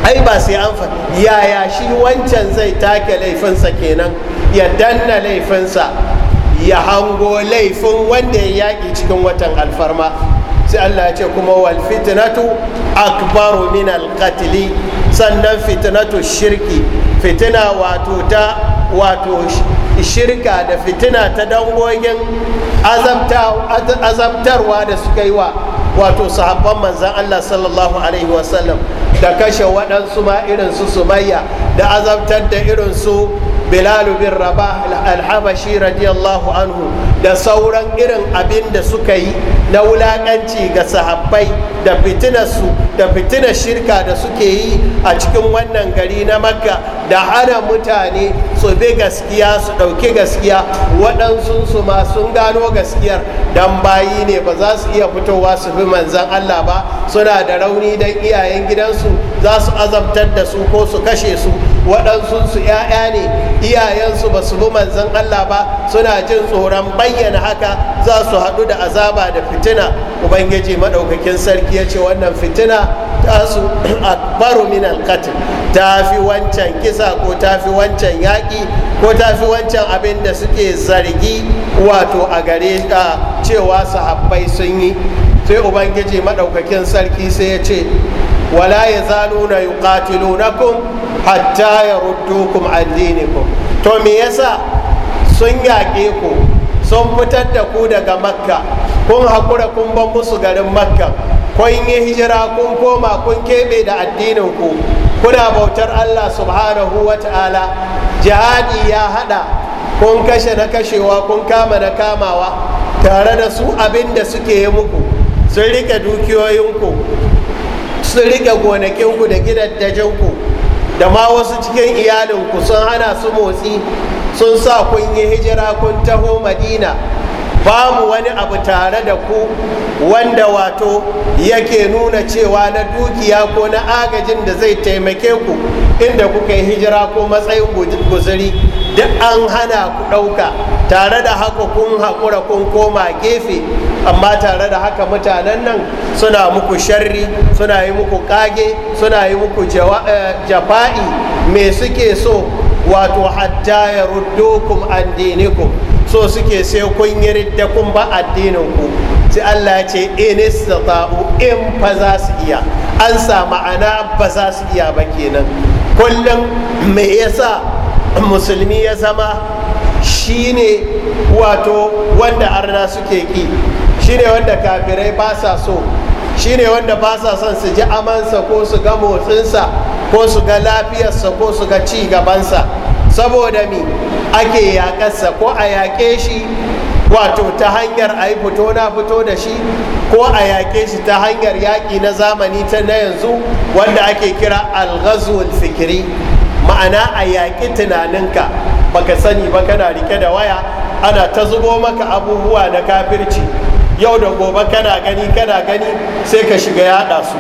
ai ba sai an fa yaya shi wancan zai take laifinsa kenan ya danna laifinsa ya hango laifin wanda ya yaƙi cikin watan alfarma sai Allah ya ce kuma wal fitnatu akbaru min al sannan fitnatu shirki fitina wato ta wato shirka da fitina ta dangogin azabtarwa da suka yi wa wato sahabban manzan Allah sallallahu alaihi wasallam da kashe waɗansu ma irin su sumayya da azabtar da irinsu bilal bin rabah al-habashi radiyallahu anhu da sauran irin abin da suka yi na wulakanci ga sahabbai da fitinarsu da fitinar shirka da suke yi a cikin wannan gari na makka da hana mutane su bi gaskiya su ɗauki gaskiya waɗansu su ma sun gano gaskiyar dan bayi ne ba za su iya fitowa su fi manzan allah ba suna da rauni don iyayen gidansu za su azabtar da su ko su kashe su waɗansunsu ‘ya'ya ne iyayensu ba su bi manzan Allah ba suna jin tsoron bayyana haka za su haɗu da azaba da fitina ubangiji maɗaukakin sarki ya ce wannan fitina ta su akbaru min alkatin ta fi wancan kisa ko ta fi wancan yaƙi ko ta fi wancan abin da suke zargi wato a gare cewa sahabbai sun yi sai ubangiji maɗaukakin sarki sai ya ce wala na kun? hatta yaruddukum an dinikum to me yasa sun yaƙe ku sun fitar da ku daga makka kun haƙura kun ban musu garin makka kun yi hijira kun koma kun keɓe da addinin ku kuna bautar allah subhanahu wa ta'ala jihadi ya haɗa kun kashe na kashewa kun kama na kamawa tare da su abin da suke yi muku sun rike dukiyoyinku sun rike gonakinku da gidajenku da ma wasu cikin iyalinku sun hana su motsi sun sa kun yi hijira kun taho madina ba mu wani abu tare da ku wanda wato yake nuna cewa na dukiya ko na agajin da zai taimake ku inda kuka yi hijira ko matsayin guzuri duk an hana ku ɗauka tare da haka kun haƙura kun koma gefe amma tare da haka mutanen nan suna muku sharri suna yi muku kage suna yi muku eh, jafa'i me suke so wato hatta ya ruddukum so suke sai kun yi kun ba addininku sai Allah ya ce in in fa za su iya an sa ma'ana ba za su iya ba kenan kullum me yasa musulmi ya zama shine wato wanda arna suke ki shine wanda kafirai ba sa so shine wanda ba sa son su ji amansa ko su ga motsinsa ko su ga lafiyarsa ko su ga ci gabansa saboda mi ake yaƙarsa ko a yaƙe shi wato ta hanyar a yi fito na fito da shi ko a yaƙe shi ta hanyar yaƙi na zamani ta na yanzu wanda ake kira alghazul fikiri ma'ana a yaƙi tunaninka baka sani ba kana rike da waya ana ta zubo maka abubuwa da kafirci yau da gobe kana gani kana gani sai ka shiga yada su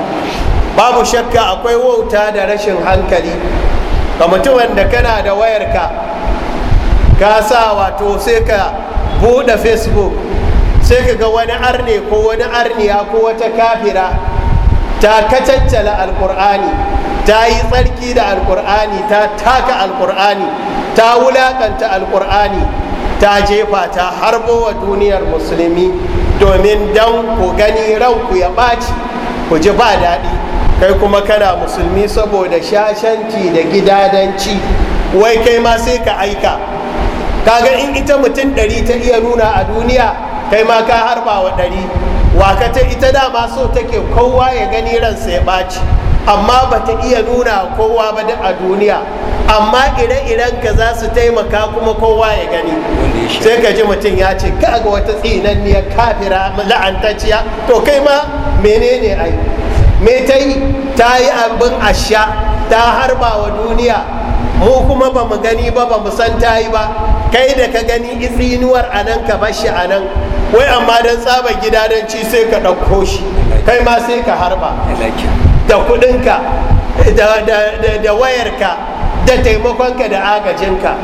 babu shakka akwai wauta da rashin hankali ga mutumin da kana da wayarka ka sa wato sai ka buɗe facebook sai ka ga wani arne ko wani arniya ko wata kafira ta kacaccala alkur'ani ta yi tsarki da alkur'ani ta taka alkur'ani ta wulakanta alkur'ani ta jefa ta harbo wa duniyar musulmi domin dan ku gani ranku ya ɓaci ku ji ba daɗi kai kuma kana musulmi saboda shashanci da gidadanci wai kai ma sai ka aika kaga in ita mutum ɗari ta iya nuna a duniya kai ma ka harba wa ɗari wakata ta ita dama so take kowa ya gani ransa ya ɓaci amma ba ta iya nuna kowa ba a duniya amma ire-iren ka za su taimaka kuma kowa ya gani sai ka ji mutum ya ce kaga wata tsinanniyar kafira la'antacciya to kai ma menene ai me ta yi ta yi abin asha ta harba wa duniya mu kuma ba mu gani ba ba mu san ta yi ba kai da ka gani izinuwar a nan ka bashi a nan wai amma don tsaba ci sai ka ɗauko shi kai ma sai ka harba da kudinka da wayarka da taimakonka da agajinka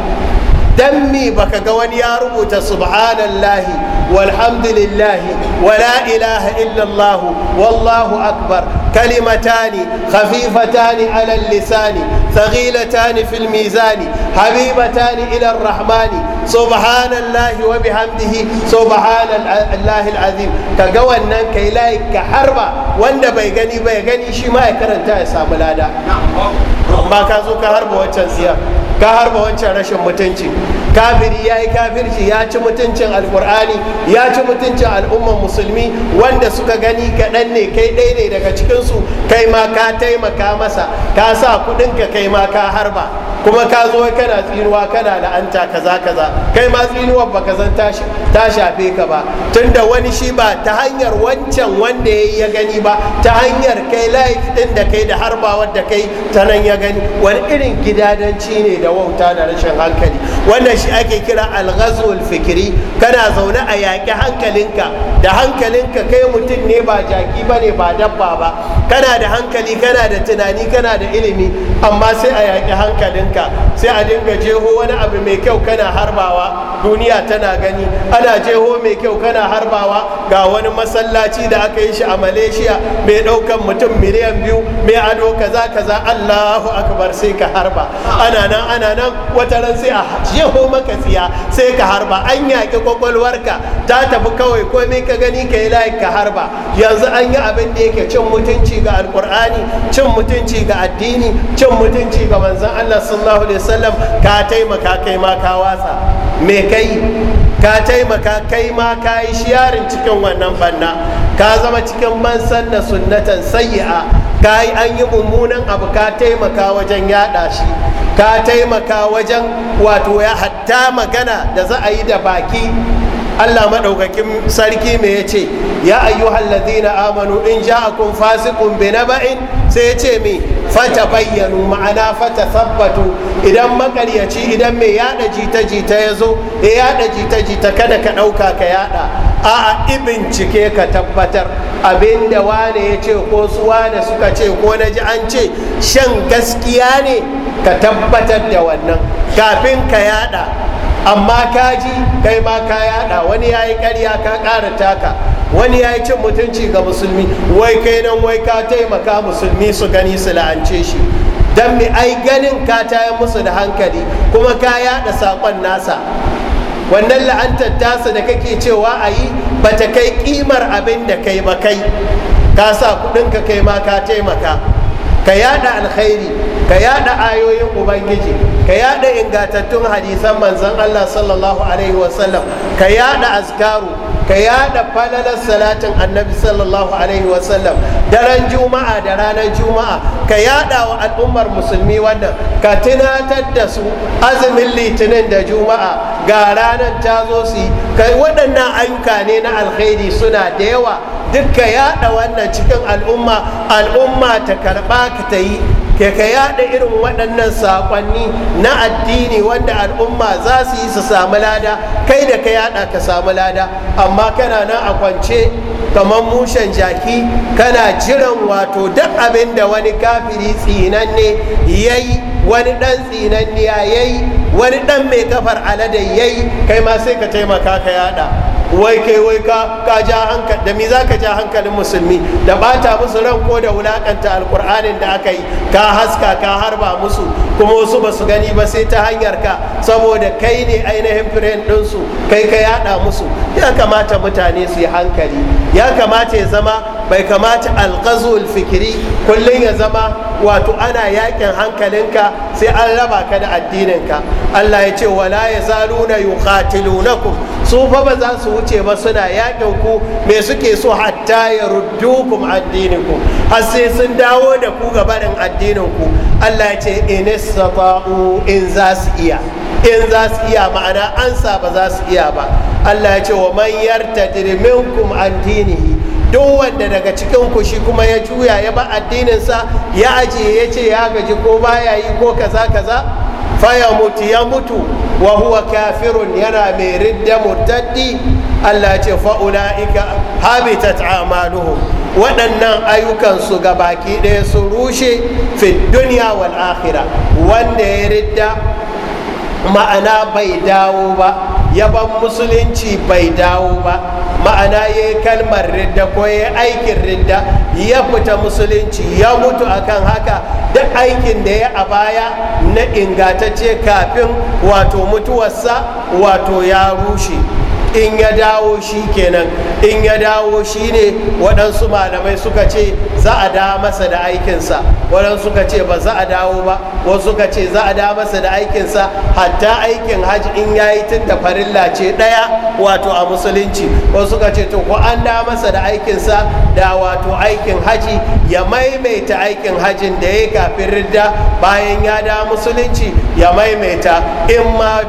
don mi baka ga wani ya rubuta subhanallahi walhamdulillahi ولا إله إلا الله والله أكبر كلمتان خفيفتان على اللسان ثقيلتان في الميزان حبيبتان إلى الرحمن سبحان الله وبحمده سبحان الله العظيم كقوى أنك إليك حربا وأن بيغني بيغني شي ما يكرن تأسى ملادا ما كازو كهرب وتنسيا كهرب وتنشي متنشي kafiri ya yi kafirci ya ci mutuncin alkur'ani ya ci mutuncin al'ummar musulmi wanda suka gani kaɗan ne kai ɗaya ne daga cikinsu kai ma ka taimaka masa ka sa kuɗinka kai ma ka harba kuma ka zo kana tsinuwa kana la'anta kaza kaza kai ma tsinuwar baka san ta shafe ka ba tunda wani shi ba ta hanyar wancan wanda ya ya gani ba ta hanyar kai laif din da kai da harbawar da kai ta nan ya gani wani irin gidadanci ne da wauta da rashin hankali wannan shi ake kira alghazul fikiri kana zaune a yaƙi hankalinka da hankalinka kai mutum ne ba jaki ba ne ba dabba ba kana da hankali kana da tunani kana da ilimi amma sai a yaƙi hankalinka ka sai a dinga jeho wani abu mai kyau kana harbawa duniya tana gani ana jeho mai kyau kana harbawa ga wani masallaci da aka yi shi a malaysia mai ɗaukan mutum miliyan biyu mai ado kaza kaza allahu akbar sai ka harba ana nan ana nan wata ran sai a jeho maka tsiya sai ka harba an yaƙi kwakwalwarka ta tafi kawai komai ka gani ka yi layi ka harba yanzu an yi abin da yake cin mutunci ga alkur'ani cin mutunci ga addini cin mutunci ga manzon allah sallallahu alaihi wasallam ka taimaka kai ma ka watsa me kai ka taimaka kai ma ka yi shiyarin cikin wannan banna ka zama cikin man sanna sunnatan sayyi'a ka yi an yi mummunan abu ka taimaka wajen yada shi ka taimaka wajen wato ya hatta magana da za a yi da baki Allah maɗaukakin sarki me yace ya ayyuhal ladina amanu in ja'akum fasiqun binaba'in sai yace me fata bayyanu ma'ana fata sabbatu idan makaryaci idan mai yada jita jita yazo ya yada jita jita kada ka ɗauka ka yada a'a ibincike ka tabbatar abinda wane ya ce ko su wane suka ce ko na ji an ce shan gaskiya ne ka tabbatar da wannan kafin ka yada amma kaji kai ma ka yada wani ya yi karya ka ƙara taka wani ya yi cin mutunci ga musulmi wai kai nan wai ka taimaka musulmi su gani su la'ance shi don me ai ganin ka tayar musu da hankali kuma ka yada saƙon nasa wannan la'antar tasa da kake cewa a yi ba ta kai ƙimar abin da kai ba kai ka sa kuɗinka kai ma ka taimaka ka yada alkhairi ka yada ayoyin ubangiji ka yada ingantattun hadisan manzon Allah sallallahu alaihi wasallam ka yada azkaru ka yada falalar salatin annabi sallallahu alaihi wasallam daren juma'a da ranar juma'a ka yada wa al'ummar musulmi wannan ka tunatar da su azumin litinin da juma'a ga ranar ta zo su yi waɗannan ayyuka ne na alkhairi suna da yawa duk ka yada wannan cikin al'umma al'umma ta karɓa ka ta yi ke ka yada irin waɗannan saƙonni na addini wanda al'umma za su yi su samu lada kai da ka yada ka samu lada amma kana nan a kwance kamar mushen jaki kana jiran wato duk abin da wani kafiri tsinanne ya yi wani ɗan tsinanniya ya yi wani dan mai kafar alade yayi kai ma sai ka taimaka ka yada wai kai wai ka ja hankali da mi za ka ja hankalin musulmi da bata musu ran ko da wulakanta alkur'anin da aka yi ka haska ka harba musu kuma wasu ba su gani ba sai ta hanyar ka saboda kai ne ainihin firen ɗinsu kai ka yada musu ya kamata mutane su yi hankali ya kamata ya zama bai kamata alkazul fikiri kullum ya zama wato ana yakin hankalinka sai an raba ka da addininka allah ya ce wala ya zaluna yuqatilunakum su fa ba za su wuce ba suna yakin ku me suke so hatta ya ruddukum addinikum har sai sun dawo da ku gabanin addininku. ku allah ya ce in in za su iya in za su iya ma'ana ansa ba za su iya ba allah ya ce wa man yartadir minkum addinihi duk wanda daga cikin ku shi kuma ya juya ya ba addininsa ya ajiye ya ce ya gaji ko baya yi ko kaza kaza faya mutu ya mutu wa huwa kafirun yana mai ridda murtaddi Allah ce fa'ula'ika habitat amaluhu waɗannan ayyukansu ga baki ɗaya su rushe fi duniya wal akhira wanda ya ridda ma'ana bai dawo ba yaban musulunci bai dawo ba ma'ana ya yi kalmar ridda ko ya aikin ridda ya fita musulunci ya mutu akan haka duk aikin da ya a baya na ingatacce kafin wato mutuwarsa wato ya rushe in ya dawo shi kenan in ya dawo shi ne waɗansu malamai suka ce za a da masa da aikinsa waɗansu suka ce ba za a dawo ba wasu suka ce za a da masa da aikinsa hatta aikin hajji in ya yi tun da farilla ce ɗaya wato a musulunci wasu suka ce to ko an da masa da aikinsa da wato aikin haji ya maimaita aikin hajjin da ya kafin ridda bayan ya da musulunci ya maimaita in ma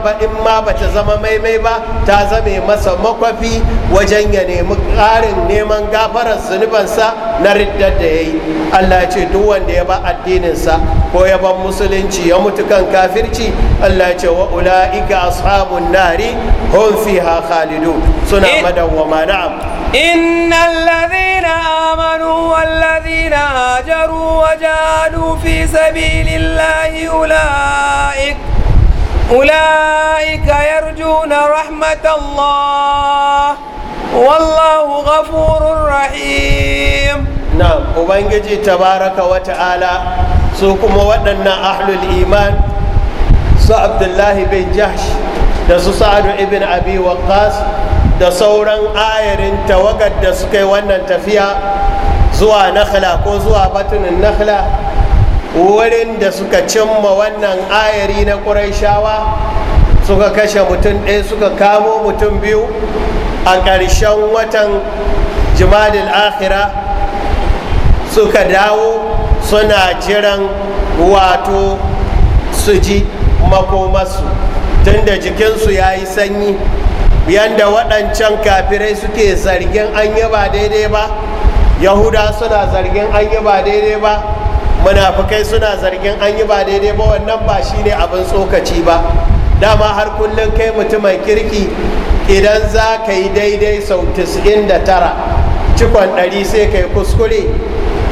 ba ta zama maimai ba ta zame masa masa makwafi wajen ya nemi ƙarin neman gafarar zunubansa na riddar da ya yi allah ce duk wanda ya ba addininsa ko ya ban musulunci ya mutu kan kafirci allah ce wa ula'ika ashabun nari hum fiha khalidu suna eh. madawwama na'am innal ladhina amanu wal ladhina hajaru wa jahadu fi sabilillahi أولئك يرجون رحمة الله والله غفور رحيم نعم وبنجي تبارك وتعالى سوكم ودنا أهل الإيمان سو عبد الله بن جحش da su sa'adu ibn abi da sauran ayarin tawagar da suka yi wannan tafiya zuwa nakhla ko zuwa batunin nakhla wurin da suka cimma wannan ayari na ƙuraishawa suka kashe mutum ɗaya suka kamo mutum biyu a ƙarshen watan jimadil akhira suka dawo suna jiran wato su ji makomarsu tunda jikinsu ya yi sanyi yadda waɗancan kafirai suke zargin an yi ba daidai ba yahuda suna zargin an yi ba daidai ba munafukai suna zargin an yi ba daidai ba wannan ba shine abin tsokaci ba dama har kullum kai mutumin kirki idan za ka yi daidai sau 99 cikon 100 sai ka yi kuskure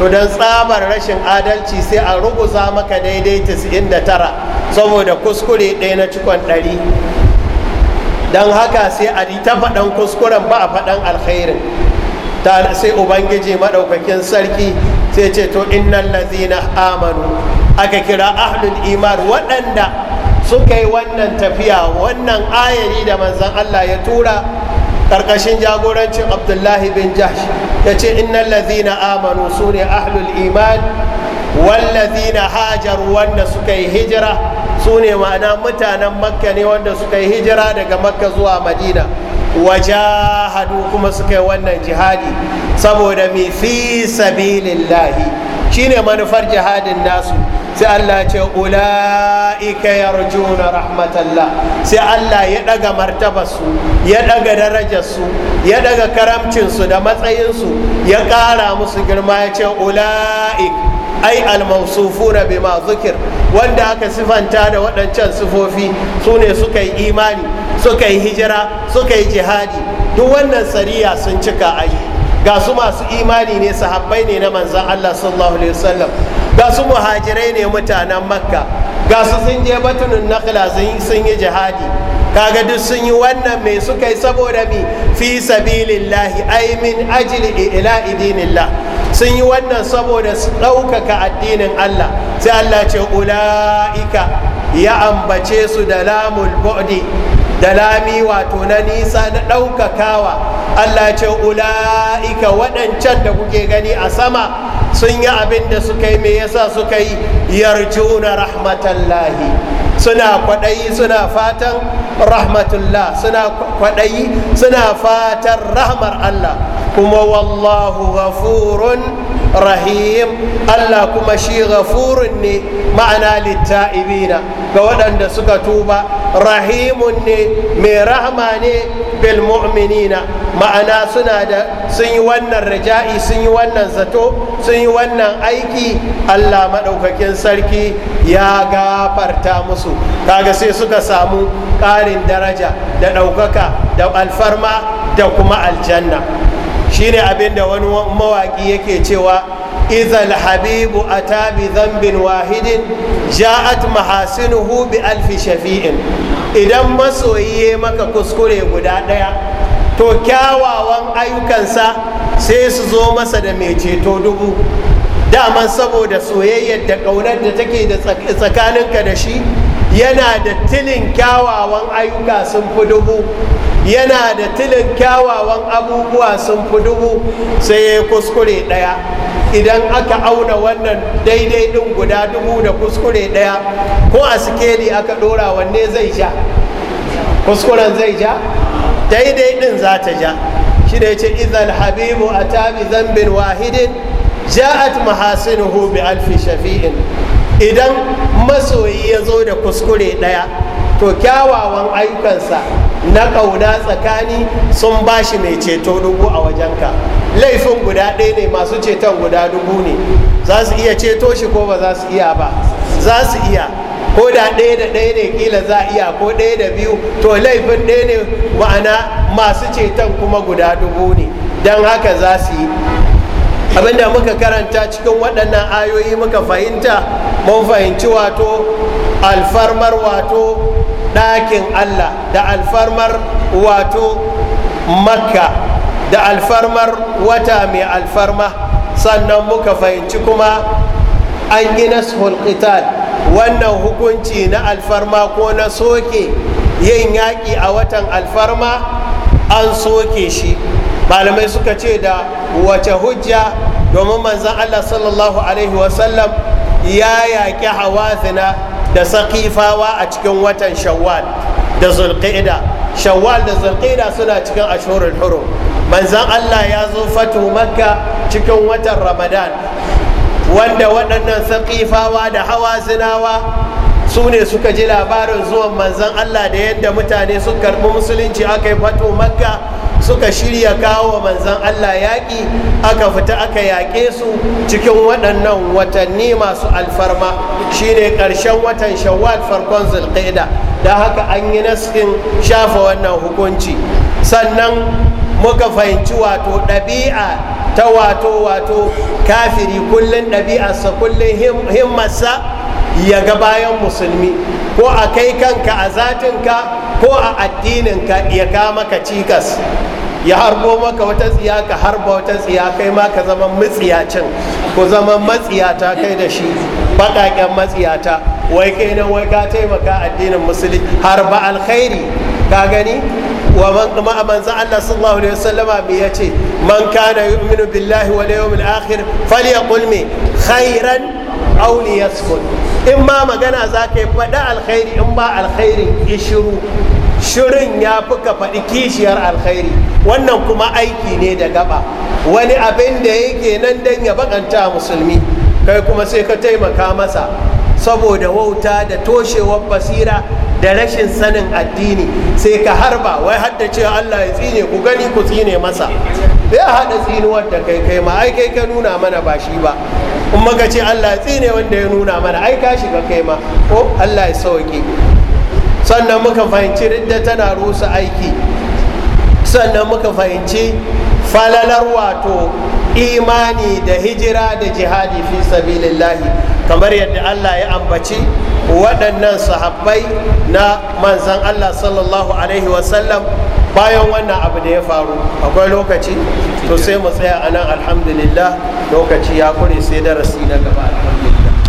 to don tsabar rashin adalci sai a rubuta maka daidai 99 saboda kuskure ɗaya na cikon 100 don haka sai a ta faɗan kuskuren ba a faɗan alkhairin sai ubangiji maɗaukakin sarki sai ce to amanu aka kira ahlul iman waɗanda suka yi wannan tafiya wannan ayari da manzon Allah ya tura Ƙarƙashin jagorancin abdullahi bin jash ya ce innal ladzina amanu su ne ahlul iman wallazina hajar wanda suka yi hijira su ne ma'ana mutanen makka ne wanda suka yi hijira daga makka zuwa madina wajahadu kuma suka yi wannan jihadi saboda mai fi sabilillahi shine manufar jihadin nasu sai Allah ce ula'ika yarjuna rahmatallah sai Allah ya daga martabarsu ya daga darajarsu ya daga karamcinsu da matsayinsu ya kara musu girma ya ce ula'ika ai almausufuna bima zukir wanda aka sifanta da waɗancan sifofi su ne suka yi imani suka yi hijira suka yi jihadi duk wannan sariya sun cika ai ga su masu imani ne sahabbai ne na manzan Allah sallallahu alaihi wasallam ga su muhajirai ne mutanen makka ga su sun je batunin nakla sun yi jihadi kaga duk sun yi wannan mai suka yi saboda mi fi sabilillahi ai min ajili ila idinillah sun yi wannan saboda su ɗaukaka addinin Allah sai Allah ce ula'ika ya ambace su da lamul bu'di da lami wato na nisa na ɗaukakawa Allah ce ula'ika waɗancan da kuke gani a sama sun yi abin da suka yi me yasa suka yi yarjuna rahmatallahi suna kwaɗayi suna fatan rahmatullah suna kwaɗayi suna fatan rahmar Allah kuma wallahu ghafurun rahim Allah kuma shi ghafurun ne ma'ana litta'ibina ga waɗanda suka tuba rahimun ne mai rahama ne bil mu'minina ma'ana suna da sun yi wannan raja'i sun yi wannan zato sun yi wannan aiki allah maɗaukakin sarki ya gafarta musu kaga sai suka samu ƙarin daraja da ɗaukaka da alfarma da kuma aljanna shine abin da wani mawaƙi yake cewa إذا الحبيب أتى بذنب واحد جاءت محاسنه بألف شفيء إذا ما maka kuskure guda ɗaya to kyawawan ayyukansa sai su zo masa da mai ceto dubu daman saboda soyayyar da ƙaunar da take da tsakaninka da shi yana da tilin kyawawan ayyuka sun fi dubu yana da tilin kyawawan abubuwa sun fi dubu sai ya kuskure ɗaya idan aka auna wannan daidai ɗin guda dubu da kuskure ɗaya ko a sikeli aka ɗora wanne zai ja kuskuren zai ja daidai ɗin za ta ja shi da ya ce izal habibu a tabi zambin wahidin ja'at mahasinuhu bi alfi shafi'in idan masoyi ya zo da kuskure ɗaya to kyawawan ayyukansa na ƙauna tsakani sun ba shi mai ceto dubu a wajenka laifin guda ɗaya ne masu ceton guda dubu ne za su iya ceto shi ko ba za su iya ba za su iya ko da ɗaya da ɗaya ne kila za iya ko ɗaya da biyu to laifin ɗaya ne ma'ana masu ceton kuma guda dubu ne don haka za su yi abinda muka karanta cikin waɗannan ayoyi muka fahimta mun fahimci wato alfarmar wato ɗakin allah da alfarmar wato makka da alfarmar wata mai alfarma sannan muka fahimci kuma an gina sulkital wannan hukunci na alfarma ko na soke yin yaƙi a watan alfarma an soke shi malamai suka ce da wace hujja domin manzan allah sallallahu alaihi wasallam ya yaƙi zina da sakifawa a cikin watan shawwal da zulqa'ida shawwal da zulqa'ida suna cikin ashurul hurum manzan Allah ya zo fatu makka cikin watan ramadan wanda waɗannan sakifawa da hawa zinawa su ne suka ji labarin zuwan manzan Allah da yadda mutane sun karɓi musulunci aka yi fatu makka suka shirya kawo manzan Allah yaƙi aka fita aka yaƙe su cikin waɗannan watanni masu alfarma shine ƙarshen watan shawwal farkon zulqaida da haka an yi naskin shafa wannan hukunci sannan muka fahimci wato ɗabi'a ta wato wato kafiri kullum ɗabi'arsa kullum himmarsa ya ga bayan musulmi ko a kai kanka a zatinka ko a addininka ya ka maka cikas ya harbo maka wata tsiya ka harba wata tsiya kai ma ka zama matsiyacin ko zama matsiyata kai da shi baƙaƙen matsiyata wai kai nan wai ka taimaka addinin musulmi har ba alkhairi ka gani wa man manzo Allah sallallahu alaihi wasallama me yace man kana yu'minu billahi wal yawmil akhir falyaqul me khairan auli yaskun in ma magana za ka yi faɗi alkhairi in ba ya ishiru shirin ya fi ka faɗi kishiyar alkhairi wannan kuma aiki ne da gaba wani abin da yake nan dan ya bakanta musulmi kai kuma sai ka taimaka masa saboda wauta da toshewar basira da rashin sanin addini sai ka harba wai hadda ce Allah ya tsine ku gani ku tsine masa ya hada tsinuwar da kai kai ma ai kai ka nuna mana ba shi ba in maka ce allah tsine wanda ya nuna mana ai ka shiga kai ma ko oh, allah ya sauke sannan muka fahimci ridda tana rusa aiki sannan muka fahimci falalar wato imani da hijira da jihadi fi sabilillahi kamar yadda allah ya ambaci waɗannan sahabbai na manzan allah sallallahu alaihi wasallam bayan wannan abu da ya faru akwai lokaci to sai mu tsaya anan alhamdulillah lokaci ya kure sai darasi na gaba a alhamdulillah